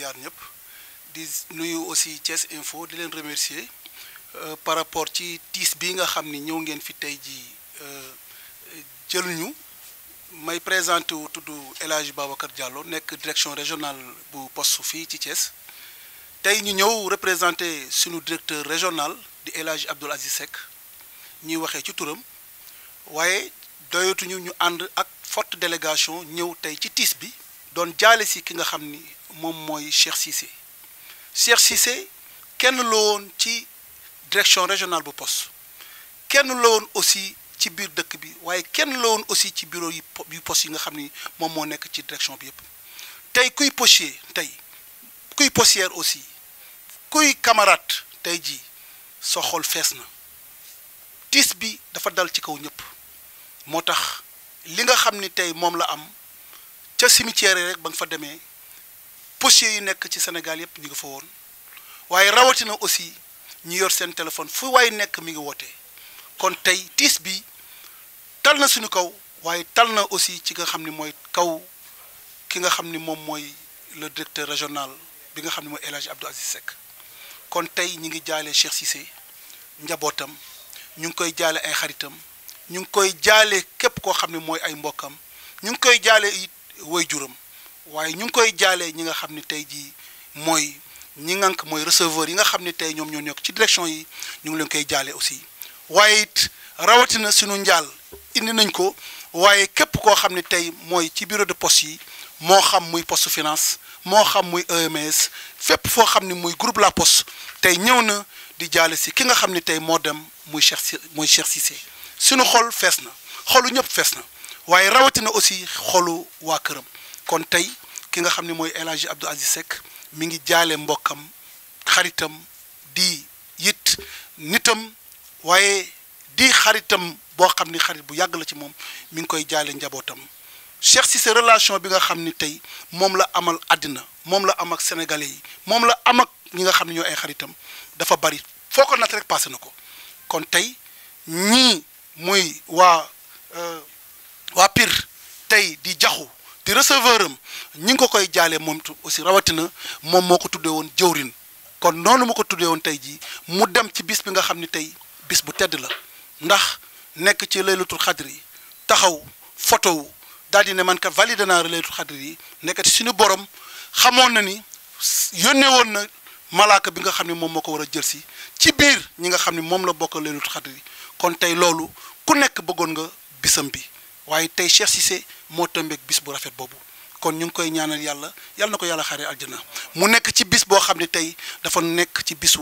ziar ñëpp di nuyu aussi Thiès Info di leen remercier euh, par rapport ci tiis bi nga xam ni ñëw ngeen fi tey jii euh, jëluñu may présenté wu tudd El Hadj kër Diallo nekk direction régionale bu poste fii ci Thiès tey ñu ñëw représenté sunu directeur régional di élage Hadj Abdoul Aziz Seck ñuy waxee ci turam waaye doyatuñu ñu ànd ak forte délégation ñëw tey ci tiis bi doon jaale si ki nga xam ni moom mooy Cheikh Cissé Cheikh Cissé kenn la woon ci direction régionale bu poste kenn la woon aussi ci biir dëkk bi waaye kenn la woon aussi ci bureau yu pos yi nga xam ni moom moo nekk ci direction bi yëpp tey kuy postier tey kuy postière aussi kuy camarade tey jii soxol fees na tiis bi dafa dal ci kaw ñëpp moo tax li nga xam ni tey moom la am ca cimetière rek ba nga fa demee postiers yu nekk ci Sénégal yëpp ñu ngi fa woon waaye rawatina aussi ñu yor seen téléphone fu waay nekk mi ngi woote kon tey tiis bi tal na suñu kaw waaye tal na aussi ci nga xam ni mooy kaw ki nga xam ni moom mooy le directeur régional bi nga xam ni mooy El Hadj Abdou Aziz Seck kon tey ñu ngi jaale Cheikh Cissé njabootam ñu ngi koy jaale ay xaritam ñu ngi koy jaale képp koo xam ne mooy ay mbokkam ñu ngi koy jaale it woy juram waaye ñu ngi koy jaalee ñi nga xam ni tey jii mooy ñi ngank mooy receveur yi nga xam ni tey ñoom ñoo nekk ci direction yi ñu ngi leen koy jaalee aussi waaye it rawatina suñu njaal indi nañ ko waaye képp koo xam ne tey mooy ci bureau de poste yi moo xam muy post finance moo xam muy EMS fépp foo xam ne muy groupe La Poste tey ñëw na di jaale si ki nga xam ne tey moo dem muy Cheikh si muy Cheikh Cissé suñu xol fees na xolu ñëpp fees na waaye rawatina aussi xolu waa këram kon tey ki nga xam ne mooy El Hadji Abdou Aziz Seck mi ngi jaale mbokkam xaritam di yit nitam waaye di xaritam boo xam ni xarit bu yàgg la ci moom mi ngi koy jaale njabootam Cheikh Cissé relation bi nga xam ni tey moom la amal àddina moom la am ak sénégalais yi moom la amak ñi nga xam ne ñoo ay xaritam dafa bari foo ko natt rek passé na ko kon tey ñii muy waa euh, waa Pire tey di jaxu di receveur am ñi ngi ko koy jaalee moom aussi rawatina moom moo ko tuddee woon jëwrin kon noonu mu ko tuddee woon tey jii mu dem ci bis bi nga xam ni tey bis bu tedd la ndax nekk ci laylatul xadri taxaw photo wu ne man kat valide naa laylatul xadri yi nekkati suñu borom xamoon na ni yónnee woon na malaaka bi nga xam ne moom moo ko war a jël si ci biir ñi nga xam ne moom la bokk laylatul xadri kon tey loolu ku nekk bëggoon nga bisam bi waaye tey Cheikh Cissé moo tëmbeek bis bu rafet boobu kon ñu ngi koy ñaanal yàlla yàlla na ko yàlla xaaree aljana mu nekk ci bis boo xam ne tey dafa nekk ci bisu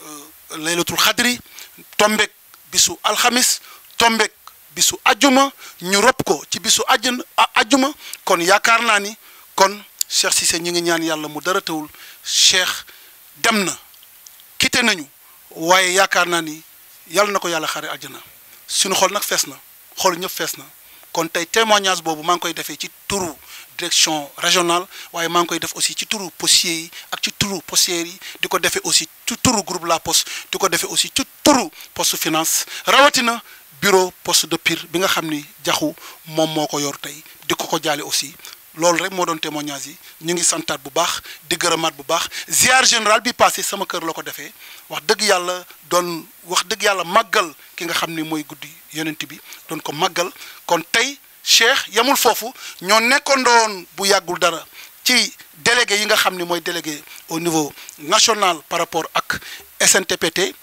euh, laylatul xadri tombeek bisu alxamis tombeek bisu ajjuma ñu rob ko ci bisu ajjana ajjuma kon yaakaar naa ni kon Cheikh ñu ngi ñaan yàlla mu dara tawul Cheikh dem na quitté nañu waaye yaakaar naa ni yàlla na ko yàlla xaaree aljana suñu xol nag fees na xol ñëpp fees na kon tey témoignage boobu maa ngi koy defee ci turu direction régionale waaye maa ngi koy def aussi ci turu postiers yi ak ci turu postières yi di ko defee aussi ci turu groupe La Poste di ko defee aussi ci turu post finance rawatina bureau poste de Pire bi nga xam ni jaxu moom moo ko yor tey di ko ko jaale aussi loolu rek moo doon témoignage yi ñu ngi santaat bu baax di gërëmaat bu baax ziar général bi passé sama kër la ko defee wax dëgg yàlla doon wax dëgg yàlla màggal ki nga xam ni mooy guddi yonent bi doon ko màggal kon tey Cheikh yamul foofu ñoo nekkandoon bu yàggul dara ci délégué yi nga xam ni mooy délégué au niveau national par rapport ak SNTPT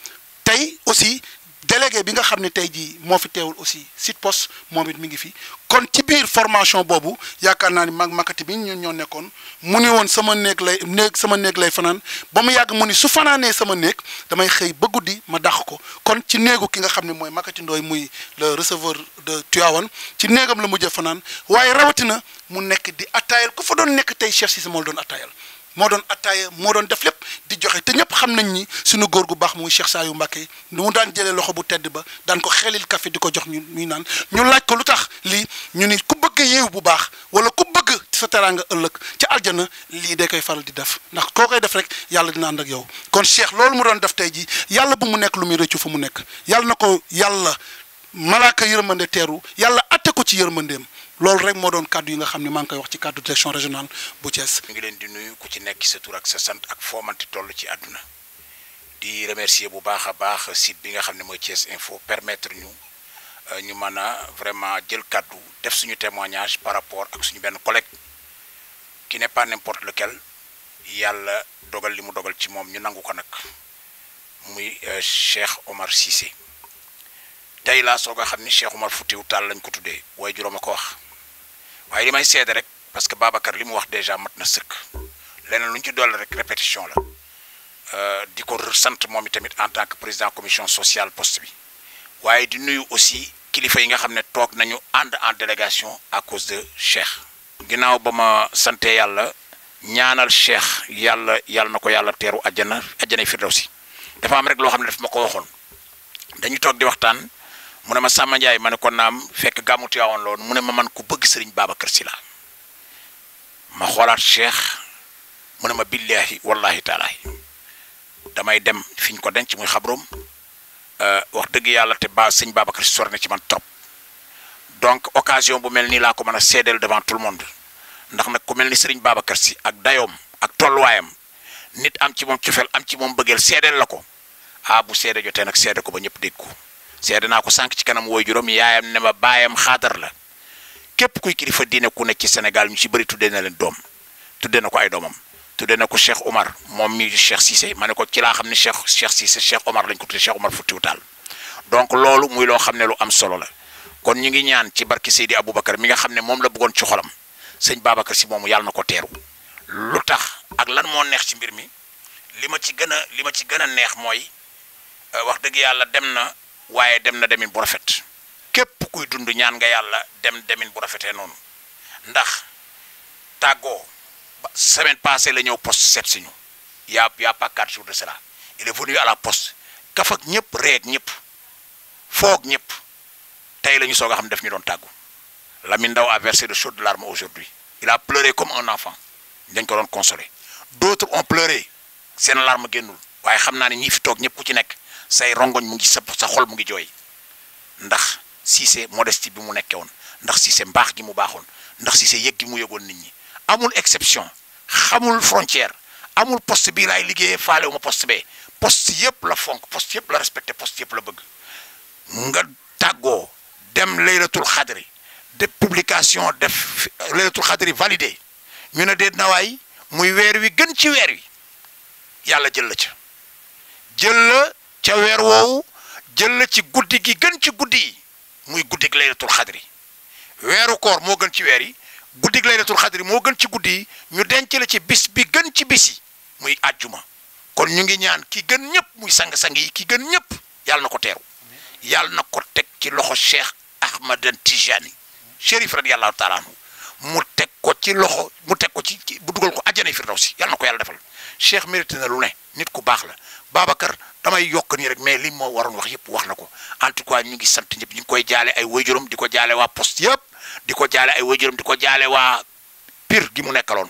tey aussi délégué bi nga xam ne tey jii moo fi teewul aussi site poste moom it mi ngi fi kon ci biir formation boobu yaakaar naa ni mag makati bi ñu ñoo nekkoon mu ni woon sama néeg lay néeg sama néeg lay fanaan ba mu yàgg mu ni su fanaanee sama néeg damay xëy ba guddi ma dàq ko kon ci néegu ki nga xam ne mooy makati ndooy muy le receveur de Tivaouane ci néegam la mujjee fanaan waaye rawatina mu nekk di attaayal ku fa doon nekk tey chef si sama la doon attaayal moo doon attaaya moo doon def lépp di joxe te ñëpp xam nañ ni suñu góor gu baax muy Cheikh Saliou Mbacké lu mu daan jëlee loxo bu tedd ba daan ko xelil café di ko jox ñu ñuy naan ñu laaj ko lu tax lii ñu ni ku bëgg yeewu bu baax wala ku bëgg sa teraanga ëllëg ca aljana lii day koy faral di def ndax koo koy def rek yàlla dina ànd yow kon Cheikh loolu mu doon def tey ji yàlla bu mu nekk lu muy rëccu fu mu nekk yàlla na ko yàlla malaaka yërmande teeru yàlla atte ko ci yërmandeem loolu rek moo doon kàddu yi nga xam ne maa ngi koy wax ci kàddu direction régionale bu Thiès. mi ngi leen di nuyu ku ci nekk sa tur ak sa sant ak foo mënti toll ci àdduna di remercier bu baax a baax site bi nga xam ne mooy Thiès Info permettre ñu euh, ñu mën a vraiment jël kàddu def suñu témoignage par rapport ak suñu benn collègue qui n'est pas n'importe lequel yàlla dogal li mu dogal ci moom ñu nangu ko nag muy euh, Cheikh Omar Cissé tey laa soo a xam ni Cheikh Omar Foutiyou Tall lañ ko tuddee waaye juróom ko wax. waaye li may seede rek parce que Babacar li mu wax déjà mat na sëkk leneen lu ñu ci dolli rek répétition la euh, di ko sant moom tamit en tant que président commission sociale poste bi waaye di nuyu aussi kilifa yi nga xam ne toog nañu ànd en délégation à cause de Cheikh. ginnaaw ba ma sante yàlla ñaanal Cheikh yàlla yàlla na ko yàlla teeru àjjana àjjana firdawsi dafa am rek loo xam ne daf ma ko waxoon dañu toog di waxtaan. mu ne ma Samba Ndiaye ma ne ko naam fekk gàmmu Tiwaawan loon mu ne ma man ku bëgg sëriñ Babacar Sy la ma xoolaat cheikh mu ne ma billaahi wallahi taalaahi damay dem fiñ ñu ko denc muy xabroom euh, wax dëgg yàlla te baa sëñ Babacar Sy sor na ci man trop donc occasion bu mel nii laa ko mën a seedeel devant tout le monde ndax nag ku mel ni sëriñ Babacar Sy ak dayoom ak tolluwaayam nit am ci moom cofeel am ci moom bëggeel seedeel la ko ah bu seede jotee nag seede ko ba ñëpp dégg ko seede naa ko sànq ci kanam wooy juróom yaayam ne ma baayam xaatar la képp kuy kilifa diine ku nekk ci Sénégal ñu ci bëri tuddee na leen doom tuddee na ko ay doomam tuddee na ko Cheikh Omar moom mi Cheikh Cissé ma ne ko ci laa xam ne Cheikh Cheikh Cissé Cheikh Omar ko tuddee Cheikh Omar Foutiyou Tall donc loolu muy loo xam ne lu am solo la kon ñu ngi ñaan ci barki barke Seydi Aboubacar mi nga xam ne moom la bëggoon ci xolam sëñ Babacar si moom yàlla na ko teeru tax ak lan moo neex ci mbir mi li ma ci gën a li ma ci gën a neex mooy euh, wax dëgg yàlla dem na waaye dem na demin bu rafet képp kuy dund ñaan nga yàlla dem demin bu rafetee noonu ndax tàggoo semaine passée la ñëw poste seet si ñu yaa yaa pas de cela il est à la post kaf ak ñëpp reeg ñëpp foog ñëpp tey la ñu soog a xam def ñu doon tàggu Lamine Ndaw a versé de chaudes larmes aujourd'hui il a pleuré comme un enfant dañ ko doon consolé d'autres ont pleuré seen larme génnul waaye xam naa ne ñii fi toog ñëpp ku ci nekk say rongoñ mu ngi sa sa xol mu ngi jooy ndax Cissé modestie bi mu nekkee woon ndax Cissé mbaax gi mu baaxoon ndax Cissé yëg gi mu yëgoon nit ñi amul exception xamul frontière amul poste bii laay liggéeyee faalewu ma poste bee post yëpp la fonk poste yëpp la respecté poste yëpp la bëgg nga tàggoo dem laylatul xadri def publication def laylatul xadri validé ñu ne déet na waay muy weer wi gën ci weer wi yàlla jël la ca ca weer woowu jël la ci guddi gi gën ci guddi yi muy guddig laylatul xadri weeru koor moo gën ci weer yi guddig laylatul xadri moo gën ci guddi yi ñu denc la ci bis bi gën ci bis yi muy àjjuma kon ñu ngi ñaan ki gën ñëpp muy sang-sang yi ki gën ñëpp yàlla na ko teeru yàlla na ko teg ci loxo cheikh ahmadan tijani chérif radiyallahu taala anhu mu teg ko ci loxo mu teg ko ci bu dugal ko àjjana firdawsi yàlla na ko yàlla defal Cheikh mérité na lu ne nit ku baax la Babacar damay yokk nii rek mais li moo waroon wax yëpp wax na ko en tout cas ñu ngi sant ñëpp ñu ngi koy jaale ay waajuram di ko jaale waa post yëpp di ko jaale ay waajuram di ko jaale waa piir gi mu nekkaloon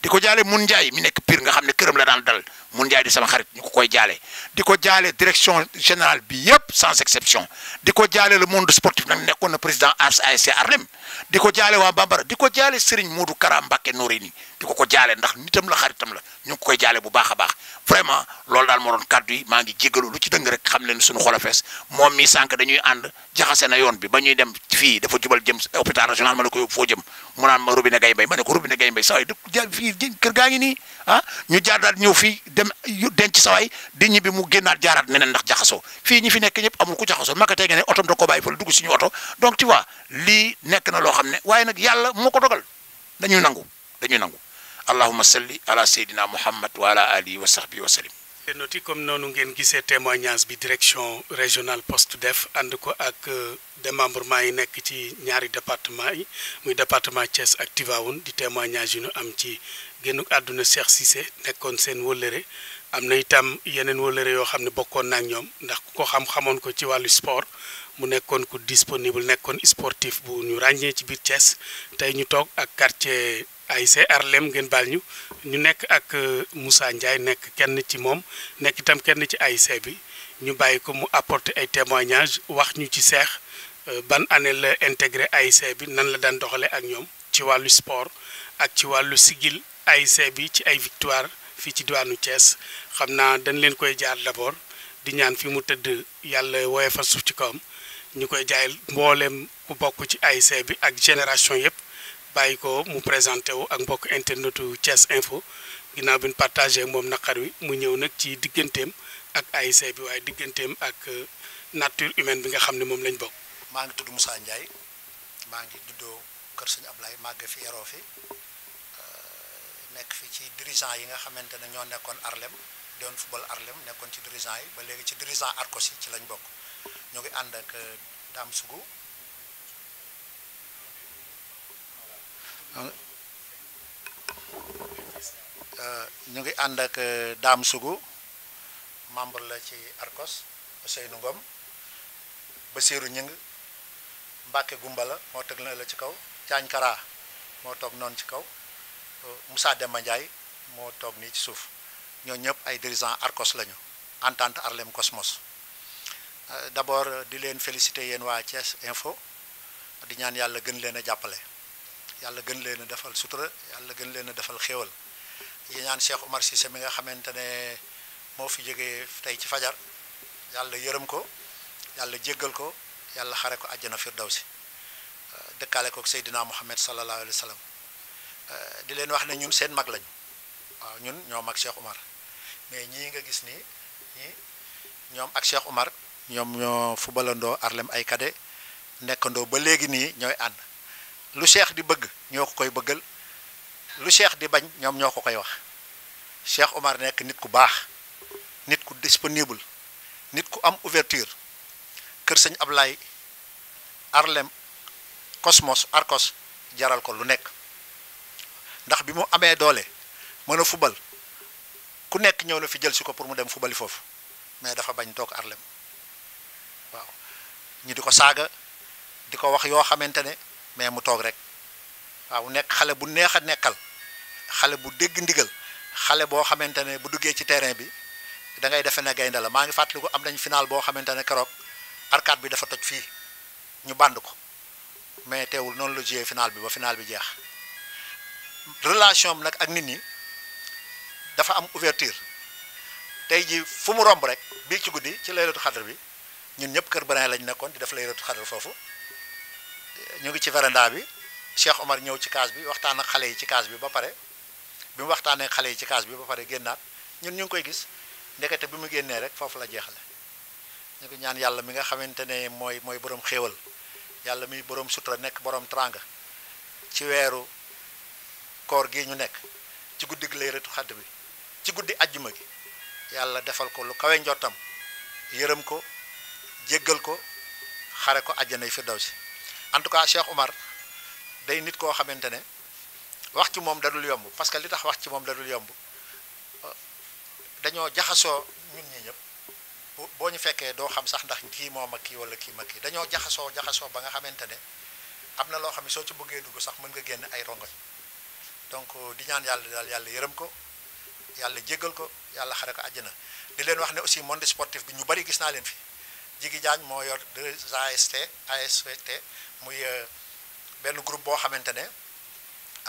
di ko jaale mun Njaay mu nekk Pire nga xam ne këram la daan dal mun njaay di sama xarit ñu ko koy jaale di ko jaale direction générale bi yëpp sans exception di ko jaale le monde sportif nag nekkoon na président ASC Arlem di ko jaale waa Bambara di ko jaale Serigne Modou Kara Mbacké Noreyni di ko ko jaale ndax nitam la xaritam la ñu ngi ko koy jaale bu baax a baax vraiment loolu daal moo doon kaddu yi maa ngi jégalu lu ci dëng rek xam leen suñu xol a fees moom mi sànq dañuy ànd jaxase na yoon bi ba ñ dem fii dafa jubal jëm hôpital jëm mu naan ma robinet gay mbay ma ne ko robinet gay mbay saa waay dëkk jaar fii kër gaa dem denc sawaay di ñibbi mu génnaat jaaraat neneen ndax jaxasoo fii ñi fi nekk ñëpp amul ku jaxasoo maka tey ne otom da ko bàyyi fa dugg suñu oto donc tu lii nekk na loo xam ne waaye nag yàlla moo ko dogal dañuy nangu dañuy nangu allahuma salli ala seydina muhammad wa ala alihi wa sahbihi wa sallim noti comme noonu ngeen gisee témoignage bi direction régionale poste def ànd ko ak euh, démembrement yi nekk ci ñaari département yi muy département Thiès ak Tivaouane di témoignage yu ñu génn àdduna Cheikh Cissé nekkoon seen wëllëre am na itam yeneen wëllëre yoo xam ne bokkoon na ak ñoom ndax ku ko xam xamoon ko ci wàllu sport mu nekkoon ko disponible nekkoon sportif bu ñu ràññee ci biir Thiès tey ñu toog ak ay ASC Arlem ngeen bal ñu ñu nekk ak euh, Moussa Ndiaye nekk kenn ci moom nekk itam kenn ci ay ASC bi ñu bàyyi ko mu apporter ay témoignages wax ñu ci seex euh, ban année la ay ce bi nan la daan doxalee ak ñoom ci wàllu sport ak ci wàllu sigil AIC bi ci ay victoire fii ci diwaanu Thiès xam naa dañ leen koy jaar d'abord di ñaan fi mu tëdd yàlla wooye fa suuf ci kawam ñu koy jaayal mbooleem ku bokk ci AIC bi ak génération yëpp bàyyi ko mu présenté wu ak mbokk internetu Thiès info ginnaaw bi ñu moom naqar wi mu ñëw nag ci digganteem ak AIC bi waaye digganteem ak euh, nature humaine bi nga xam ne moom lañ bokk. maa ngi Ndiaye maa ngi juddoo kër sëñ nekk fi ci dirigeant yi nga xamante ne ñoo nekkoon Arlem doon football Arlem nekkoon ci dirigeant yi ba léegi ci dirigeant Arcos yi ci lañ bokk ñoo ngi ànd ak Dame Sougou ñu ngi ànd ak euh, euh, euh, membre la ci Arcos Ousseynou Ngom Basirou Ñing Mbacke la moo teg na la ci kaw Diagne moo toog noonu ci kaw Moussa Demba Ndiaye moo toog nii ci suuf ñoo ñëpp ay dirigeants ARCOS lañu entente Arlem Cosmos euh, d'abord di leen féliciter yéen waa Thiès Info di ñaan yàlla gën leen a jàppale yàlla gën leen a defal sutura yàlla gën leen a defal xéewal yi ñaan Cheikh Omar Cissé mi nga xamante ne moo fi jógee tey ci fajar yàlla yërëm ko yàlla jéggal ko yàlla xare ko àjjana si euh, dëkkaale ko Seydina Muhammad sallallahu alayhi wa sallam Euh, di leen wax ne ñun seen mag lañu waaw ñun ñoom ak Cheikh Umar mais ñii nga gis ni ñii ñoom ak Cheikh Umar ñoom ñoo fubalandoo Arlem ay kade nekkandoo ba léegi nii ñooy ànd lu Cheikh di bëgg ñoo ko koy bëggal lu Cheikh di bañ ñoom ñoo ko koy wax Cheikh Umar nekk nit ku baax nit ku disponible nit ku am ouverture kër sëñ lay Arlem Cosmos Arcos jaral ko lu nekk ndax bi mu amee doole mën a fubal ku nekk ñëw na fi jël si ko pour mu dem fubali foofu mais dafa bañ toog Harlem waaw ñu di ko saaga di ko wax yoo xamante ne mais mu toog rek waaw nekk xale bu neex a nekkal xale bu dégg ndigal xale boo xamante ne bu duggee ci terrain bi da ngay defe ne gaynde la maa ngi fàttaliku am nañ final boo xamante ne keroog arcade bi dafa toj fii ñu bànd ko mais teewul noonu la joué final bi ba final bi jeex. relation bi nag ak nit ñi dafa am ouvertire tey ji fu mu romb rek bii ci guddi ci laylatul xadr bi ñun ñëpp kër Biraye lañ nekkoon di def laylatul xadr foofu ñu ngi ci véranda bi Cheikh Omar ñëw ci kaas bi waxtaan ak xale yi ci kaas bi ba pare bi mu waxtaanee xale yi ci kaas bi ba pare génnaat ñun ñu ngi koy gis ndekete bi mu génnee rek foofu la jeexale ñu ko ñaan yàlla mi nga xamante ne mooy mooy boroom xéewal yàlla mi borom sutura nekk borom tranga ci weeru. koor gi ñu nekk ci guddi gi lay retu xadd bi ci guddi ajjuma gi yàlla defal ko lu kawe njottam yërëm ko jéggal ko xare ko àjjanay firdawsi en tout cas Cheikh Omar day nit koo xamante ne wax ci moom dadul yomb parce que li tax wax ci moom dadul yomb dañoo jaxasoo ñun ñi ñëpp boo ñu fekkee doo xam sax ndax kii moo ak kii wala kii mag kii dañoo jaxasoo jaxasoo ba nga xamante ne am na loo xam ne soo ci bëggee dugg sax mën nga génn ay rongoñ donc di ñaan yàlla daal yàlla yërëm ko yàlla jéggal ko yàlla xare ko na di leen wax ne aussi monde sportif bi ñu bari gis naa leen fi Jigi Diagne moo yor 2 AST ASVT muy euh, benn groupe boo xamante ne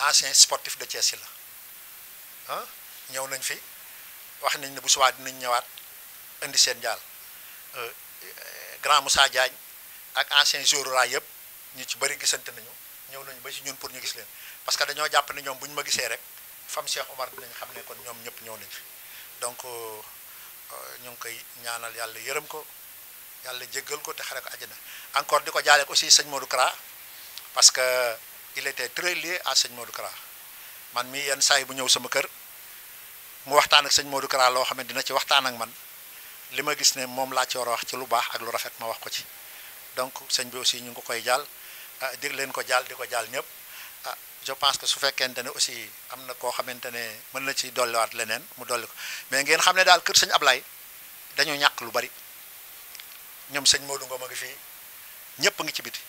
ancien sportif de si la ah ñëw nañ fi wax nañ ne bu subaa dinañ ñëwaat indi seen jaal euh, grand Moussa Diagne ak ancien joueur yëpp ñu ci bari gisante nañu ñëw nañu ba ci ñun pour ñu gis leen. parce que dañoo jàpp ne ñoom bu ñu ma gisee rek fam Cheikh Omar dinañ xam ne kon ñoom ñëpp ñëw nañ fi donc euh, euh, ñu ngi koy ñaanal yàlla yërëm ko yàlla jéggal ko te xare ko àjjana encore di ko jaale aussi sëñ Modou Kara parce que il était très à sëñ Modou Kara man mii yenn saa bu ñëw sama kër mu waxtaan ak sëñ Modou Kara loo xam ne dina ci waxtaan ak man li ma gis ne moom laa ci war a wax ci lu baax ak lu rafet ma wax ko ci donc sëñ bi aussi ñu ngi ko koy jaal ah, dégg leen ko jaal di ko jaal ñëpp. je pense que su fekkente ne aussi am na koo xamante ne mën na ci dolliwaat leneen mu dolli ko mais ngeen xam ne daal kër sëñ Ablaye dañoo ñàkk lu bari ñoom sëñ Modou Ngom ngi fii ñëpp ngi ci biti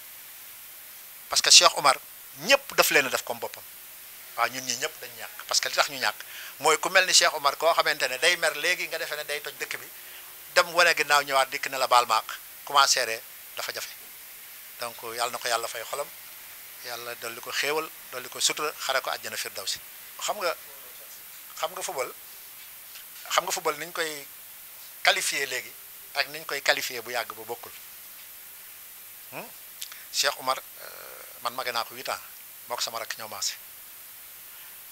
parce que Cheikh Omar ñëpp daf leen a def comme boppam waaw ñun ñi ñëpp dañ ñàkk parce que li tax ñu ñàkk mooy ku mel ni Cheikh Omar koo xamante ne day mer léegi nga defe ne day toj dëkk bi dem wane ginnaaw ñëwaat dikk ne la baal maak commencé dafa jafe donc yàlla na ko yàlla fay xolam. yàlla dolli ko xéewal dolli ko sutura xare ko àjjana firdawsi xam nga xam nga football xam nga football niñ koy qualifié léegi ak niñ koy qualifié bu yàgg ba bokkul hmm? Cheikh Omar euh, man mage naa ko huit ans moo ko sama rakk ñëw maase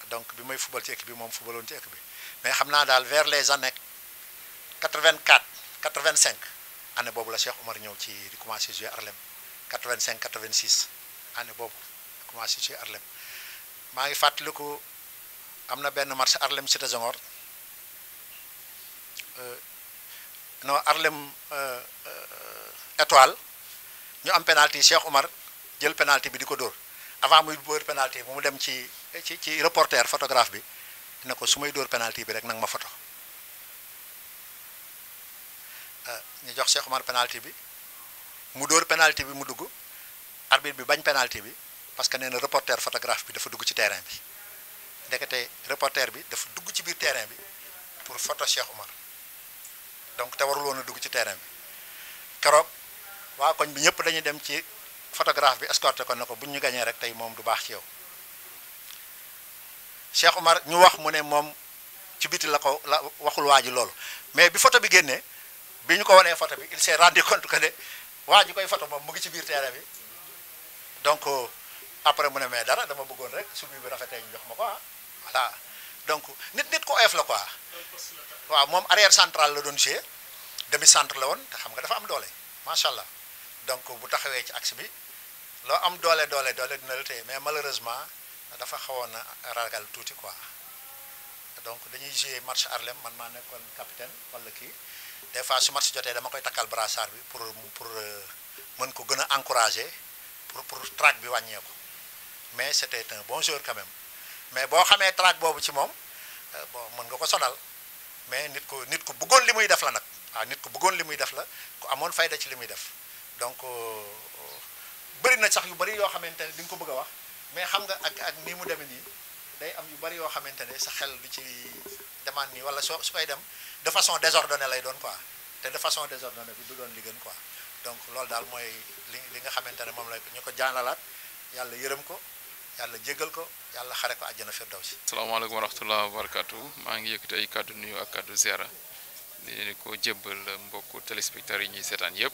donc bi may football ci équipe bi moom footballoon ci équipe bi mais xam naa daal vers les années 84 85 année boobu la Cheikh Omar ñëw ci di commencé jouer Harlem 85 86 année boobu commencé ci Arlem maa ngi fàttaliku am na benn marché Arlem Cité Senghor euh, non Arlem euh, euh, étoile ñu am penalti Cheikh jël penalti bi di ko dóor avant muy dóor penalti bi mu dem ci ci ci reporter photographe bi ne ko su may dóor penalti bi rek nag ma photo ñu jox Cheikh Omar bi mu dóor penalti bi mu dugg. arbitre bi bañ penalty bi parce que nee na reporter photographe bi dafa dugg ci terrain bi ndekete reporter bi dafa dugg ci biir terrain bi pour photo Cheikh Omar donc te warul woon a dugg ci terrain bi keroog waa koñ bi ñëpp dañuy dem ci photographe bi escorté ko ne ko buñ ñu gañee rek tey moom du baax ci yow Cheikh Omar ñu wax mu ne moom ci biti la ko la waxul waa ji loolu mais bi photo bi génnee bi ñu ko wanee photo bi il s'est rendu compte que ne waa ji koy photo moom mu ngi ci biir terrain bi donc euh, après mu ne mais dara dama bëggoon rek subi bi rafetee jox ma ko ah donc nit nit ko oyof waaw moom arrière central la doon jouer demi centre la woon te xam nga dafa am doole macha donc bu taxawee ci axe bi loo am doole doole doole dina la téye mais malheureusement dafa xawoon a tuuti quoi donc dañuy jouer match Harlem man maa nekkoon capitaine wala kii des fois su match jotee dama koy takkal brassard bi pour pour euh, mën ko gën a encourager pour pour bi wàññeeku mais c'était un bon joueur quand même mais boo xamee trac boobu ci moom euh, bon mën nga ko solal mais nit ko nit ko bëggoon li muy def la nag waaw ah, nit ku bëggoon li muy def la ku amoon fayda ci li muy def donc euh, euh, bëri na sax yu bëri yoo xamante ne di nga ko bëgg a wax mais xam nga ak ak nii mu demee nii day am yu bëri yoo xamante ne sa xel du ci demande nii wala soo su koy dem de façon ne lay doon quoi te de façon ne bi du doon li gën quoi donc loolu daal mooy. li nga xamante ne moom la ñu ko jaanalaat yàlla yërëm ko yàlla jégal ko yàlla xare ko àjjana firdawsi. asalaamaaleykum wa rahmatulah wa barakaatu maa ngi yëkkati ay kàddu nuyu ak kàddu ziara di leen ko jébbal mbokku téléspectateurs yi ñuy seetaan yëpp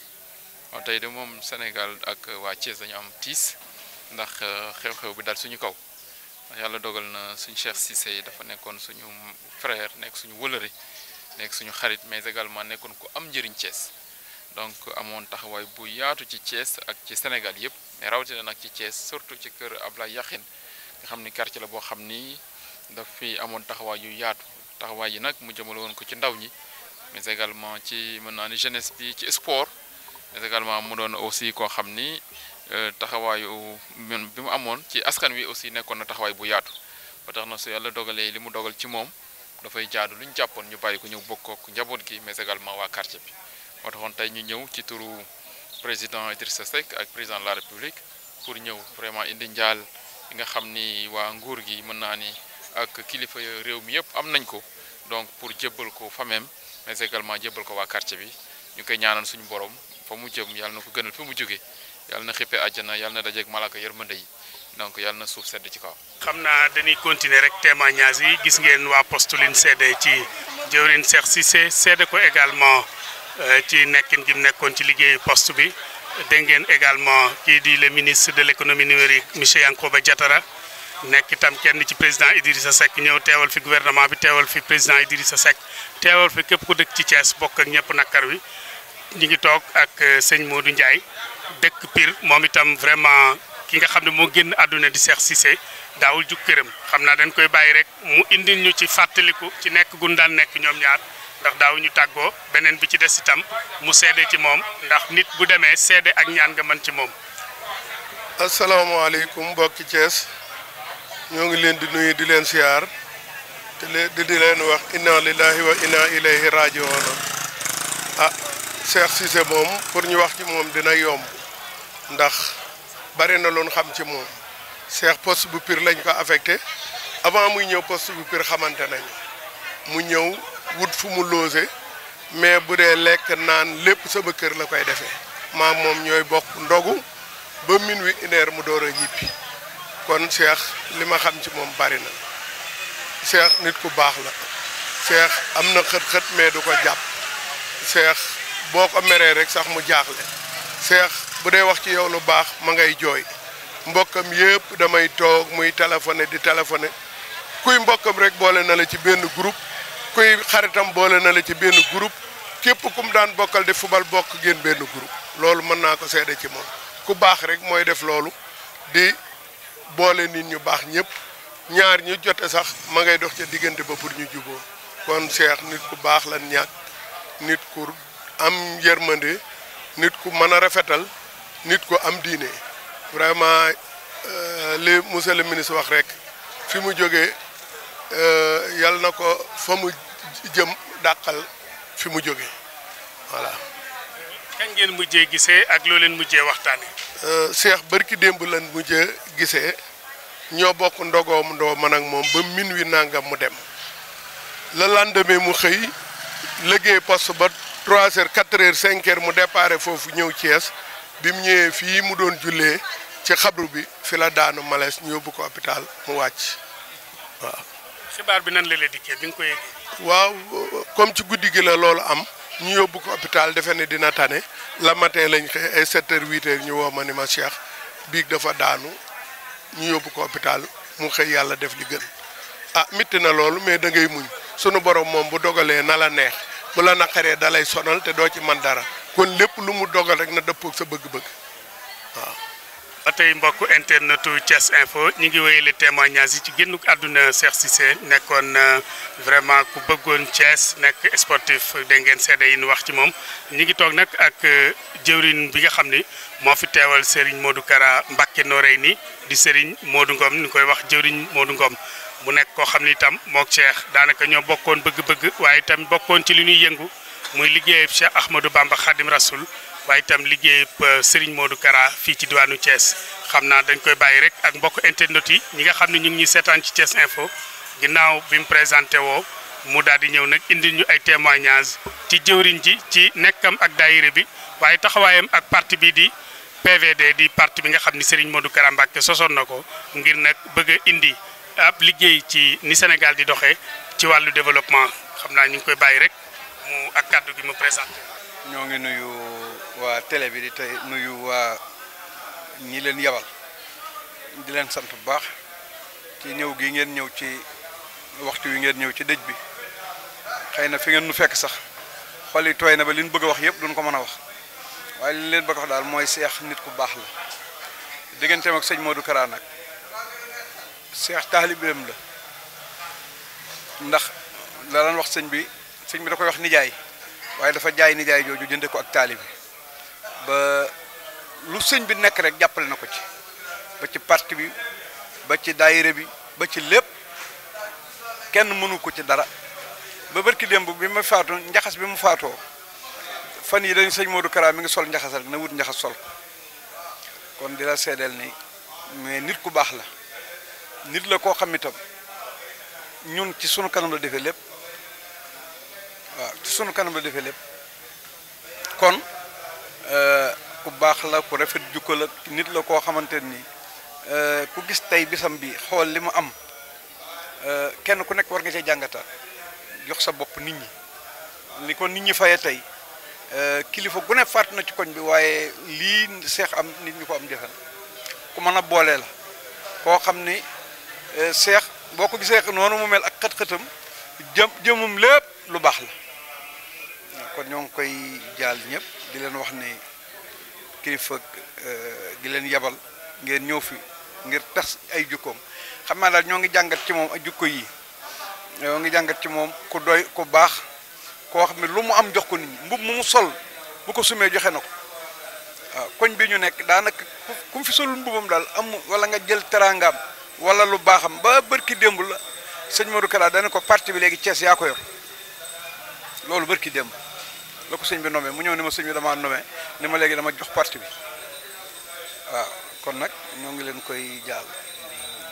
waaw tey de moom Sénégal ak waa Thiès dañu am tiis ndax euh, xew-xew bi dal suñu kaw yàlla dogal na suñu Cheikh Cissé dafa nekkoon suñu frère nekk suñu wëlëri nekk suñu xarit mais également nekkoon ku am njëriñ Thiès. donc amoon taxawaay bu yaatu ci Thiès ak ci Sénégal yëpp mais rawatina nag ci Thiès surtout ci kër Ablaye Yakhine nga xam ni quartier la boo xam ni daf fi amoon taxawaay yu yaatu taxawaay yi nag mu jëmale woon ko ci ndaw ñi mais également ci mën naa ni jeunesse bi ci sport mais également mu doon aussi koo xam ni euh, taxawaayu bi mu amoon ci askan wi aussi nekkoon na taxawaay bu yaatu ba tax na su yàlla dogalee li mu dogal ci moom dafay jaadu lu jàppoon ñu bàyyi ko ñëw bokk njaboot gi mais waa quartier bi. moo tey ñu ñëw ci turu président sa Seck ak président de la République pour ñëw vraiment indi njaal yi nga xam ni waa nguur gi mën naa ni ak kilifa réew mi yëpp am nañ ko donc pour jébbal ko fa famem mais également jébbal ko waa quartier bi ñu koy ñaanal suñu borom fa mu jëm yàlla na ko gënal fi mu jóge yàlla na xippe àjjana yal na dajeeg malaaka yërmande yi donc yàlla na suuf sedd ci kaw. xam naa dañuy continuer rek témoignage yi gis ngeen waa postuline seede ci jëwriñ Cheikh Cissé seede Euh, ci nekkin gi nekkoon ci liggéey poste bi dégg ngeen également kii di le ministre de léconomie économie numérique monsieur ba jatara nekk itam kenn ci président Idrissa Seck ñëw teewal fi gouvernement bi teewal fi président sa Seck teewal fi képp ku dëkk ci Thiès bokk ak ñëpp nakar wi ñu ngi toog ak euh, sëñ Modou Ndiaye dëkk Pire moom itam vraiment ki nga xam ne moo génn àdduna di Cheikh se daawul jug xam naa dañ koy bàyyi rek mu indil ñu ci fàttaliku ci nekk daan nekk ñoom ñaar. ndax daawuñu tàggoo beneen bi ci des itam mu seede ci moom ndax nit bu demee seede ak ñaan nga man ci moom. asalaamaaleykum mbokki Thiès ñoo ngi leen di nuyu di leen siyaar te di di leen wax inna lillahi wa inna rajo raji'un ah Cheikh Cissé moom pour ñu wax ci moom dina yomb ndax bari na loon xam ci moom Cheikh poste bu Pire lañ ko affecté avant muy ñëw poste bu Pire xamante nañ mu ñëw. wut fu mu loose mais bu dee lekk naan lépp sama kër la koy defee maam moom ñooy bokk ndogu ba minuit wi heure mu door a ñibbi kon Cheikh li ma xam ci moom bari na Cheikh nit ku baax la Cheikh am na xët-xët mais du ko jàpp Cheikh boo ko meree rek sax mu jaaxle Cheikh bu dee wax ci yow lu baax ma ngay jooy mbokkam yépp damay toog muy téléphoné di téléphoné kuy mbokkam rek boole na la ci benn groupe kuy xaritam boole na la ci benn group képp ku daan bokkal di fubal bokk ngeen benn groupe loolu mën naa ko seede ci moom ku baax rek mooy def loolu di boole nit ñu baax ñëpp ñaar ñu jote sax ma ngay dox ca diggante ba pour ñu juboo kon Cheikh nit ku baax lan ñàkk nit ku am yërmande nit ku mën a rafetal nit ku am diine vraiment euh, li monsieur le ministre wax rek fi mu jógee Euh, yal na ko fa mu jëm dàqal fi mu jóge voilà. kañ ngeen mujjee gisee ak loo leen waxtaan waxtaanee. Euh, Cheikh barki démb lan mujjee gisee ñoo bokk ndogoom ndoo mën ak moom ba min wi nangam mu dem la lendemain mu xëy liggéey poste ba 3 heures 4 heures mu déparé foofu ñëw Thiès bi mu ñëwee fii mu doon jullee ci xabru bi fi la daanu malaise ñu yóbbu ko hôpital mu wàcc xibaar bi nan la la di bi nga ko yëgee. waaw comme ci guddi gi la loolu am ñu yóbbu ko hôpital defe ne dina tane la matin lañ xëy ay 7 heures ñu woo ma ni ma Cheikh biig dafa daanu ñu yóbbu ko hôpital mu xëy yàlla def li gën ah mitti na loolu mais da ngay muñ sunu borom moom bu dogalee na la neex bu la naqaree da sonal te doo ci man dara kon lépp lu mu dogal rek na dëppoog sa bëgg-bëgg ba tey mbokk internetu Thiès Info ñu ngi wéyale témoignage yi ci génn àdduna Cheikh Cissé nekkoon euh, vraiment ku bëggoon Thiès nekk sportif dégg ngeen seede yi wax ci moom ñu ngi toog nag ak euh, jëwrin bi nga xam ni moo fi teewal Serigne Modou Kara Mbacké Noreyni di Serigne Modou Ngom ñu koy wax jëwriñ Modou Ngom mu nekk koo xam ni itam mook Cheikh daanaka ñoo bokkoon bëgg-bëgg waaye itam bokkoon ci li ñuy yëngu muy liggéeyab Cheikh Ahmadou Bamba Khadim waaye itam liggéey Serigne Modou Kara fii ci diwaanu Thiès xam naa dañ koy bàyyi rek ak mbokk internet yi ñi nga xam ne ñu ngi ñuy seetaan ci Thiès Info ginnaaw bi mu présenté woo mu daal di ñëw nag indil ñu ay témoignages ci jëwriñ ji ci nekkam ak daayira bi waaye taxawaayam ak parti bi di PVD di parti bi nga xam ni Serigne Modou Kara Mbacké sosoon na ko ngir nag bëgg indi ab liggéey ci ni Sénégal di doxee ci wàllu développement xam naa ñu ngi koy bàyyi rek mu ak gi mu présenté. ñoo ngi nuyu waa télé bi di te nuyu waa ñii leen yabal di leen sant bu baax ci ñëw gii ngeen ñëw ci waxtu wi ngeen ñëw ci dëj bi xëy na fi ngeen nu fekk sax xol yi tooy na ba li bëgg a wax yëpp duñ ko mën a wax waaye leen bëgg a daal mooy seex nit ku baax la digganteem ak sëñ Modou Kara nag seex taalibeem la ndax la daan wax sëñ bi sëñ bi da koy wax nijaay. waaye dafa jaay nijaay jooju jënde ko ak taalibe ba lu sëñ bi nekk rek jàppale na ko ci ba ci parti bi ba ci dayire bi ba ci lépp kenn mënu ko ci dara ba barki démb bi ma faatu njaxas bi mu faatoo fan yi dañ sëñ Modou Kara mi ngi sol njaxas rek na wut njaxas sol kon di la ni mais nit ku baax la nit la koo xam ñun ci sunu kanam la defee lépp waaw ci sunu kanam la defee lépp kon euh, ku baax la ku rafet jukka la nit la koo xamante ni euh, ku gis tey bisam bi xool li mu am euh, kenn ku nekk war nga cee jàngataat jox sa bopp nit ñi li ko nit ñi faye tey kilifa gu ne fàtt na ci koñ bi waaye lii seex am nit ñi ko am defal ku mën a boole la koo xam ni seex boo ko gisee noonu mu mel ak xët-xëtam jëm jëmum lépp lu baax la kon ñoo ngi koy jaal ñëpp di leen wax ne kilifa gi euh, leen yabal ngeen ñëw fi ngir tas ay jukkoom xam naa daal ñoo ngi jàngat ci moom ay jukko yi ngi jàngat ci moom ku doy ku baax koo xam ne lu mu am jox ko nit mu mu sol bu ko sumee joxe na ko waaw koñ bi ñu nekk daanaka ku fi solul mbubam daal am wala nga jël teraangaam wala lu baaxam ba bërki démb la sëñ Modou Kara dana ko parti bi léegi cees yaa ko yor loolu barki démb la ko sëñ bi nommé mu ñëw ni ma sëñ bi damaa nommé ni ma léegi dama jox parti bi waaw kon nag ñoo ngi leen koy jaal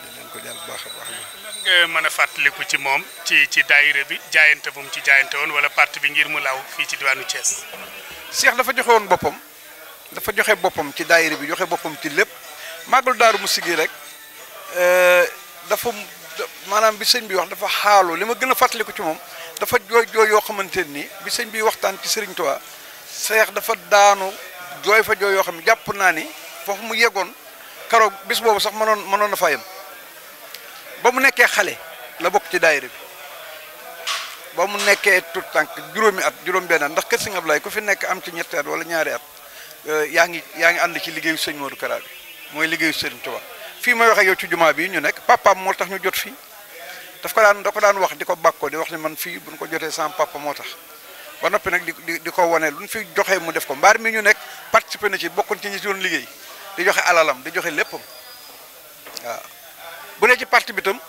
di leen ko jaal bu baax a nga mën a fàttaliku ci moom ci ci daayira bi jaayante bu ci jaayante woon wala parti bi ngir mu law fii ci diwaanu Thiès. Cheikh dafa joxe woon boppam dafa joxe boppam ci daayira bi joxe boppam ci lépp màggal daaru mu sigi rek euh, dafa maanaam bi sëñ bi wax dafa xaaloo li ma gën a fàttaliku ci moom. dafa jooy jooy yoo xamante ni bi sëñ bi waxtaan ci Serigne Touba seex dafa daanu jooy fa jooy yoo xam ne jàpp naa ni foofu mu yegoon karoog bis boobu sax mënoon mënoon na faa ba mu nekkee xale la bokk ci dayre bi ba mu nekkee tout tànk juróomi at juróom-benn at ndax kër Sëñ Ablaay ku fi nekk am ci ñetti at wala ñaari at euh, yaa ngi yaa ngi ànd ci liggéeyu sëñ Modou Kara bi mooy liggéeyu Serigne Touba fii may waxee yow ci jumaa bi ñu nekk papaam moo tax ñu jot fi daf ko daan da ko daan wax di ko bàkkoo di wax ne man fii buñ ko jotee sans papa moo tax ba noppi nag di di ko lu luñ fi joxee mu def ko mbaar mi ñu nekk participé na ci bokkoon ci ñi si doon liggéey di joxe alalam di joxe léppam waaw bu dee ci parti bi tam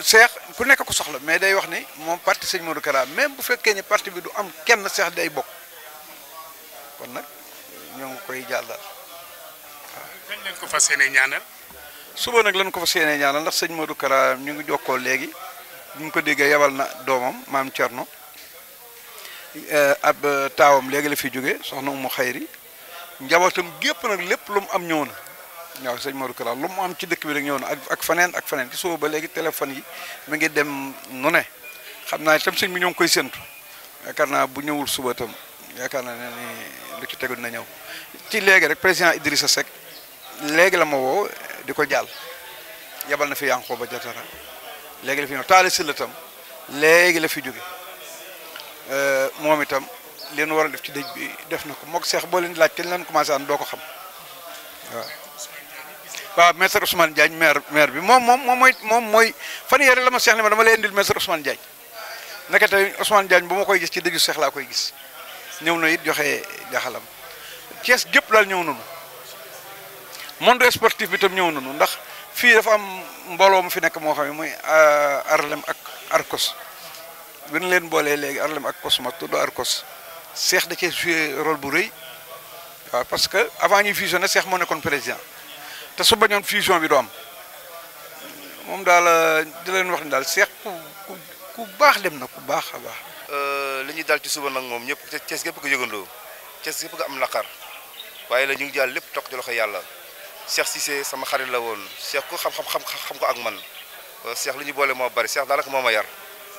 seex ku nekk ko soxla mais day wax ni moom parti sëñ Modou Kara même bu fekkee ni parti bi du am kenn seex day bokk kon nag ñoo ngi koy jàllal waaw. dañ ko fas yéene ñaanal. suba nag lañ ko fa séenee ñaanal ndax sëñ Modou Kara ñu ngi jokkoo léegi ñu ngi ko déggee yabal na doomam maam Thierno eh, ab eh, taawam léegi la fi jógee soxna mu xayri njabootam gépp nag lépp lu mu am ñëw na waaw sëñ Modou Kara lu mu am ci dëkk bi rek ñëw na ak ak faneen ak faneen ci suba ba léegi téléphone yi mu ngi dem nu ne xam naa itam sëñ bi ñoo ngi koy séntu yaakaar naa bu ñëwul suba itam yaakaar naa ne lu ci tegu na ñëw ci léegi rek président Idrissa Seck. léegi la ma woo di ko jàll yebal na fi yànqoo ba jatara léegi la fi ñëw taali si la la fi jóge euh, moom itam leen war a def ci dëj bi def na ko moog seex boo leen laaj kañ leen commencé an doo ko xam waaw waaw maître Ousmane meer maire bi moom moom moom mooy moom fan yére la ma seex ne ma dama lay indil maître Ousmane Diagne naka tey Ousmane Diagne bu ma koy gis ci dëju seex laa koy gis ñëw na it joxe jaxalam Thiès gépp daal ñëw na nañu monde sportif bi tam ñëw na nañu ndax fii dafa am mbooloo mu fi nekk moo xam ne muy euh, Arlem ak Arcos bi leen boolee léegi Arlem ak Cosma tudd Arcos Cheikh da cee joué rôle bu rëy waaw parce que avant ñuy fusionné Cheikh moo nekkoon président te su bañoon fusion bi du am moom daal di leen wax ni daal Cheikh ku ku ku baax dem na ku baax a baax. Euh, li ñuy daal ci suba nag moom ñëpp Cees gépp ko yëgandoo Cees gépp ko am naqar waaye la ñu ngi jàll lépp toog di loxo yàlla. Cheikh Cissé sama xarit la woon Cheikh ko xam-xam xam ko ak man Cheikh li ñu boole moo bari Cheikh daanaka moo ma yar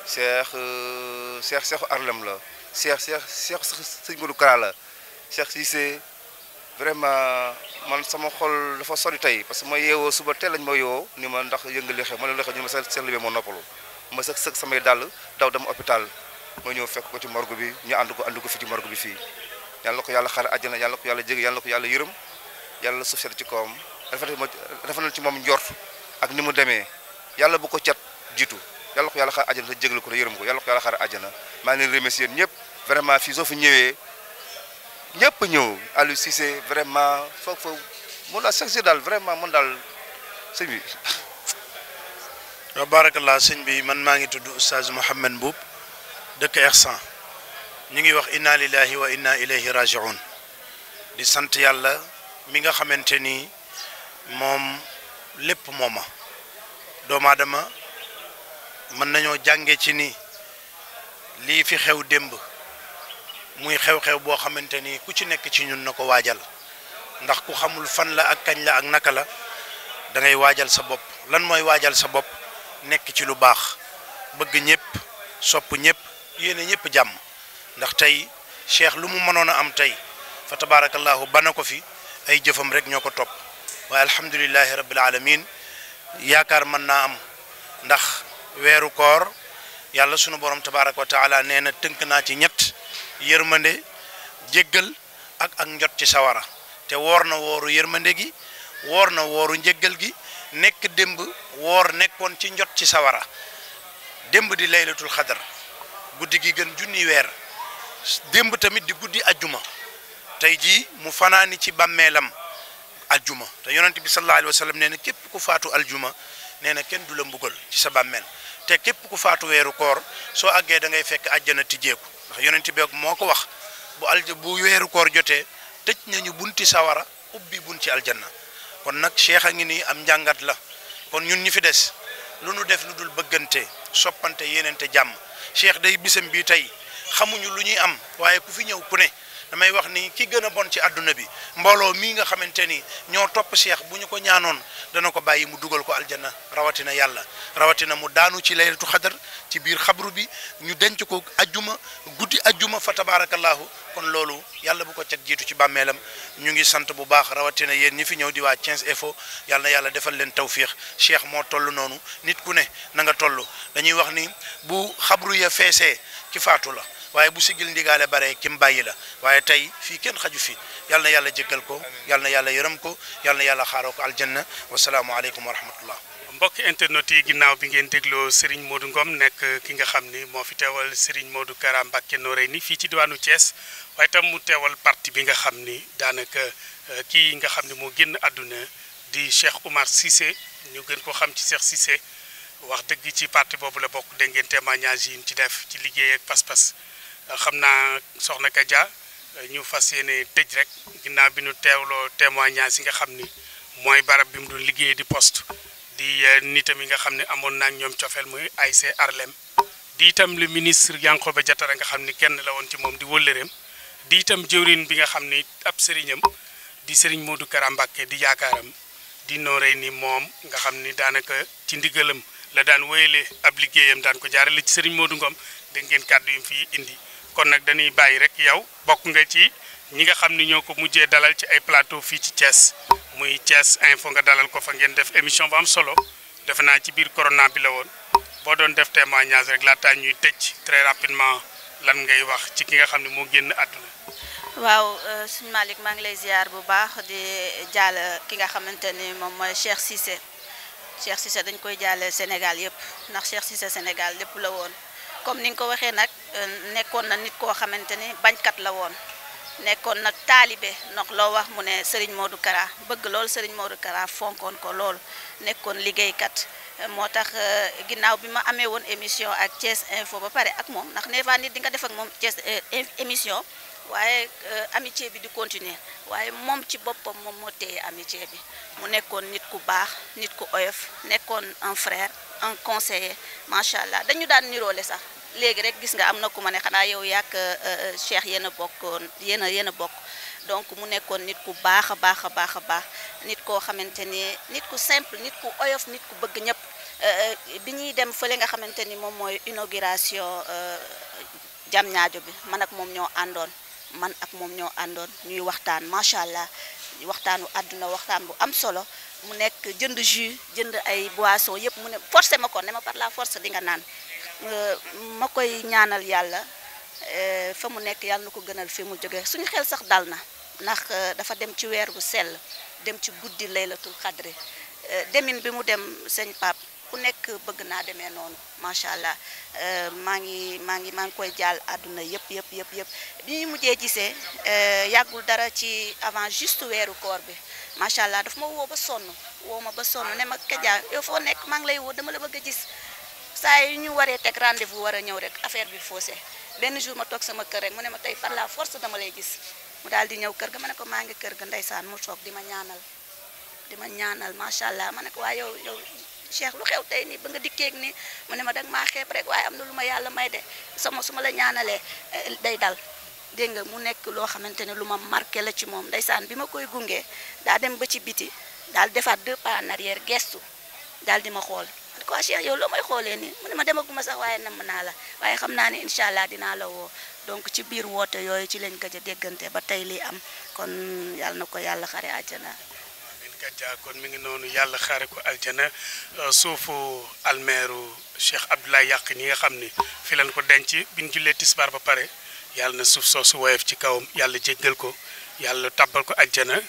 Cheikh euh, Cheikh Cheikhu Arlem la Cheikh Cheikh Cheikh sëñ Modou Kara la Cheikh Cissé vraiment man sama xol dafa sori tey parce que ma yeewoo suba lañ ma yeewoo ni ma ndax yëngal li xew ma ne la xew ñu ma Cheikh Libé moo noppalu ma sëg sëg samay dàll daw dem hôpital ma ñëw fekk ko ci morgue bi ñu ànd ko ànd ko fi ci morgue bi fii yàlla ko yàlla xar xaar àjjana yàlla ko yàlla jég yàlla ko yàlla yërëm yàlla na suuf sedd ci kawam rafetal ci moom njort ak ni mu demee yàlla bu ko cat jiitu yàlla ko yàlla xaar àjjana te jégal ko te yërëm ko yàlla ko yàlla xaar àjjana maa ngi leen remercier ñëpp vraiment fii soo fi ñëwee ñëpp ñëw Aliou Cissé vraiment foog fa mun daal chaque daal vraiment mun daal sëñ bi. waaw barakallah sëñ bi man maa ngi tudd oustaz Mouhamed Mboub dëkk Ersan ñu ngi wax inna lillahi wa inna ilayhi rajiun di sant yàlla. mi nga xamante ni moom lépp mooma doomu aadama mën nañoo jànge ci nii lii fi xew démb muy xew-xew boo xamante ni ku ci nekk ci ñun na ko waajal ndax ku xamul fan la ak kañ la ak naka la dangay waajal sa bopp lan mooy waajal sa bopp nekk ci lu baax bëgg ñëpp sopp ñëpp yéene ñëpp jàmm ndax tey cheikh lu mu mënoon a am tey fa tabaarakallaahu bana ko fi ay jëfam rekk ñoo ko topp waaye alhamdulilahi rabbil alamin yaakaar mën naa am ndax weeru koor yàlla sunu borom tabaraka wa taala nee na tënk naa ci ñett yërmande jéggal ak ak njot ci sawara te woor na wooru yërmande gi woor na wooru njéggal gi nekk démb woor nekkoon ci njot ci sawara démb di laylatul xadar guddi gi gën junni weer démb tamit di guddi ajjuma tey jii mu fanaani ci bàmmeelam aljuma te yonent bi sa alayhi wa sallam nee na képp ku faatu aljuma nee na kenn du la mbugal ci sa bàmmeel te képp ku faatu weeru koor soo àggee da ngay fekk àjjana tijjeeku ndax yonent bi moo ko wax bu alja bu weeru koor jotee tëj nañu bunti sawara ubbi bunti aljanna kon nag cheikh a ngi nii am njàngat la kon ñun ñi fi des lu nu def lu dul bëggante soppante yéenente jàmm cheikh day bisam bi tey xamuñu lu ñuy am waaye ku fi ñëw ku ne damay wax ni ki gën a bon ci àdduna bi mbooloo mii nga xamante ni ñoo topp cheikh bu ñu ko ñaanoon dana ko bàyyi mu dugal ko aljana rawatina yàlla rawatina mu daanu ci laylatu xadar ci biir xabru bi ñu denc ko ajjuma guddi ajjuma fa tabarakallahu kon loolu yàlla bu ko cat jiitu ci bàmmeelam ñu ngi sant bu baax rawatina yéen ñi fi ñëw di waa Thiès Info yàlla yàlla defal leen tawfiix cheikh moo toll noonu nit ku ne nanga nga toll dañuy wax ni bu xabru ya feesee ci faatu la waaye bu sigil ndigaale bare kim bàyyi la waaye tey fi kenn xaju fi yàlla yàlla jéggal ko yal yàlla yërëm ko yal na yàlla xaaroo ko aljanna wasalaamualeykum wa rahmatullah mbokk internet yi ginnaaw bi ngeen dégloo Serigne Modou Ngom nekk ki nga xam ni moo fi teewal Serigne Modou Kara Mbacké Noreyni fii ci diwaanu Thiès waaye tam mu teewal parti bi nga xam ni daanaka euh, kii nga xam ne moo génn àdduna di Cheikh Oumar Cissé ñu gën ko xam ci Cheikh Cissé wax dëgg ci parti boobu la bokk dégg ngeen témoignage yi ci def ci liggéey ak xam naa soxna Kadia ñu fas yéene tëj rek ginnaaw bi ñu teewloo témoignage yi nga xam ni mooy barab bi mu doon liggéeyee di post di eh, nitam yi nga xam ne amoon naa ñoom cofeel ay ASC Harlem di itam le ministre Yankhoba Diattara nga xam ni kenn la woon ci moom di wëllëreem di itam jëwriñ bi nga xam ni ab sëriñam di sëriñ Modou Kara Mbacké di yaakaaram di nooree ni moom nga xam ni daanaka ci ndigalam la daan wéyale ab liggéeyam daan ko jaarale ci sëriñ Modou Ngom ngeen kàddu yi mu indi kon nag dañuy bàyyi rek yow bokk nga ci ñi nga xam ni ñoo ko mujjee dalal ci ay plateau fii ci Thiès muy cees info nga dalal ko fa ngeen def émission bu am solo defe naa ci biir corona bi la woon boo doon def témoignage rek laataa ñuy tëj très rapidement lan ngay wax ci ki nga xam ne moo génn àdduna. waaw euh, suñ Malick maa ngi lay ziar bu baax di jàll ki nga xamante ni moom mooy Cheikh Cissé Cheikh Cissé dañ koy jàlle Sénégal yëpp ndax Cheikh Cissé Sénégal lépp la woon. comme ni nga ko waxee nag euh, nekkoon na nit koo xamante ni bañkat la woon nekkoon nag taalibe ndax loo wax mu ne Serigne Modou Kara bëgg lool Serigne Modou Kara fonkoon ko lool nekkoon liggéeykat moo tax euh, ginnaaw bi ma amee woon émission ak Thiès Info ba pare ak moom ndax nee faa nit di nga def moom Thiès euh, émission waaye amitié bi di continuer waaye moom ci boppam moom moo téye amitié bi mu nekkoon nit ku baax nit ku oyof nekkoon un frère en conseil macha allah dañu daan niroole sax léegi rek gis nga am na ku ma ne xanaa yow yàq euh, euh, Cheikh yéen a bokkoon yenn bokk donc mu nekkoon nit ku baax a baax a baax a baax nit koo xamante ni nit ku simple nit ku oyof nit ku bëgg ñëpp euh, bi ñuy dem fële nga xamante ni moom mooy inauguration jam ñaajo bi man ak moom ñoo àndoon man ak moom ñoo àndoon ñuy waxtaan macha allah waxtaanu àdduna waxtaan bu am solo. mu nekk jënd jus jënd ay boisson yëpp mu ne forcé ma ko ne ma par la force di nga naan ma koy ñaanal yàlla euh, fa mu nekk yàlla nu ko gënal fi mu jógee suñu xel sax dal na ndax euh, dafa dem ci weer bu sell dem ci guddi laylatul xadri euh, demin bi mu dem sëñ Pape ku nekk bëgg naa demee noonu macha allah euh, maa ngi maa ngi maa ngi koy jaal àdduna yëpp yëpp yëpp yëpp bi ñu mujjee gisee euh, yàggul dara ci avant juste weeru koor bi macha allah daf ma woo ba sonn woo ma ba sonn ne ma Kadia yow foo nekk maa ngi lay woo dama la bëgg a gis saa yi ñu waree teg rendez war a ñëw rek affaire bi faussé benn jour ma toog sama kër rek mu ne ma tey par la force dama lay gis mu daal di ñëw kër gi ma ne ko maa ngi kër ga ndeysaan mu toog di ma ñaanal di ma ma Cheikh lu xew tey nii ba nga dikkeeg nii mu ne ma danga maa xeeb rek waaye am na lu ma yàlla may de sama su ma la ñaanalee eh, day dal dégg nga mu nekk loo xamante ne lu ma marke la ci moom saan bi ma koy gungee daa dem ba ci biti daal defaat deux pas en arrière gestu daal di ma xool ko ah, Cheikh yow loo may xoolee nii mu ne ma demaguma sax waaye namm naa la waaye xam naa ne incha allah dinaa la woo donc ci biir woote yooyu ci lañ gëj a déggante ba tey lii am kon yàlla na ko yàlla xare àjjana Gandia kon mi ngi noonu yàlla xaare ko aljana euh, suufu almeeru Cheikh Abdoulaye Yàq ñi nga xam ni fi leen ko denc bi ñu jullee tisbaar ba pare yàlla na suuf soosu woyof ci kawam yàlla jéggal ko yàlla tàbbal ko aljana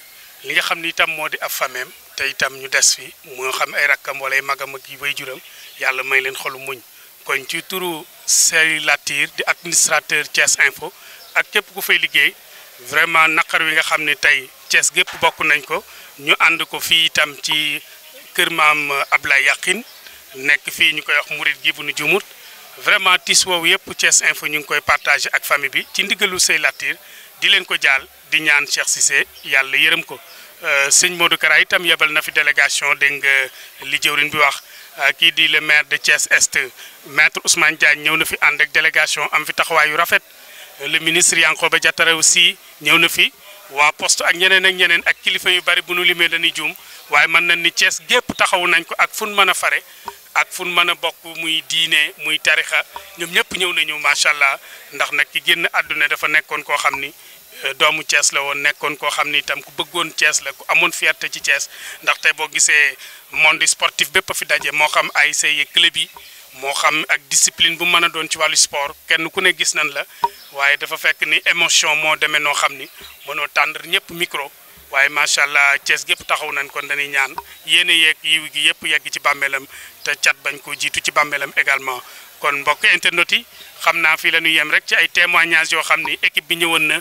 li nga xam ni itam moo di ab fameem te itam ñu des fi moo xam ay rakkam wala ay magam ak yi bay juram yàlla may leen xolu muñ kon ci turu Seri Latir di administrateur Thiès Info ak képp ku fay liggéey vraiment naqar wi nga xam ne tey Thiès gépp bokk nañ ko ñu ànd ko fii itam ci kër maam Ablaye Yaqin nekk fii ñu koy wax murit gi bu nu jumut vraiment tis woowu yëpp Thiès Info ñu ngi koy partage ak famille bi ci ndigalu Sey Latir di leen ko jaal di ñaan Cheikh Cissé yàlla yërëm ko euh, sëñ Modou Kara itam yebal na fi délégation dégg nga li jëwriñ bi wax euh, kii di le maire de Thiès Est maître Ousmane Diagne ñëw na fi ànd ak délégation am fi taxawaayu rafet euh, le ministre Yankhoba Diattara aussi ñëw na fi waa poste ak ñeneen ak ñeneen ak kilifa yu bari bu nu limee dañuy juum waaye mën nañ ni Cees gépp taxawu nañ ko ak fu nu mën a fare ak fu nu mën a bokk muy diine muy tarixa ñoom ñëpp ñëw nañu macha allah ndax nag ki génn àdduna dafa nekkoon koo xam ni euh, doomu Cees la woon nekkoon koo xam ni itam ku bëggoon Cees la ku amoon fierté ci Cees ndax tey boo gisee monde sportif bépp a fi daje moo xam ay club yi moo xam ak discipline bu mën a doon ci wàllu sport kenn ku ne gis nañ la waaye dafa fekk ni émotion moo demee noo xam ni mënoo tàndar ñëpp micro waaye macha allah cees gépp taxaw nañ kon dañuy ñaan yéen a yeeg yiw gi yëpp yegg ci bàmmeelam te cat bañ ko jiitu ci bàmmeelam également kon mbokk internet yi xam naa fii la ñu yem rek ci ay témoignages yoo xam ni équipe bi ñëwoon na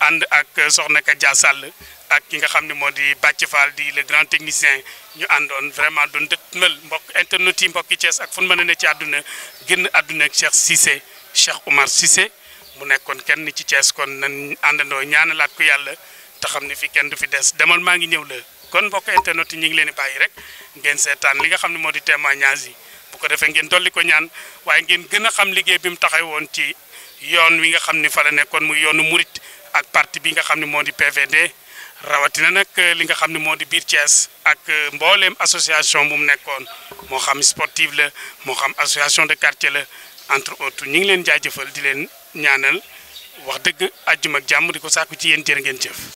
ànd ak soxna Kadia Sall ak ki nga xam ne moo di Bàcc Fall di le grand technicien ñu àndoon vraiment doon dëtmal mbokk internet yi mbokki Thiès ak fu mu mën ne ci àdduna génn àdduna ak Cheikh Cissé Cheikh Oumar bu nekkoon kenn ci cees kon nan àndandoo ñaanalaat ko yàlla te xam ne fi kenn du fi des demal maa ngi ñëw la kon mbokk internet yi ñu ngi leen di bàyyi rek ngeen seetaan li nga xam ne moo di témoignage yi bu ko defee ngeen dolli ko ñaan waaye ngeen gën a xam liggéey bi mu taxaw woon ci yoon wi nga xam ni fa la nekkoon muy yoonu murit ak parti bi nga xam ne moo di PVD rawatina nag euh, li nga xam ne moo di biir Thiès ak euh, mbooleem association bu mu nekkoon moo xam sportive la xam association de quartier la entre autres ñu ngi leen jaajëfal di leen ñaaneel wax dëgg àjjuma ak jàmm di ko sàkku ci yéen jërë ngeen jëf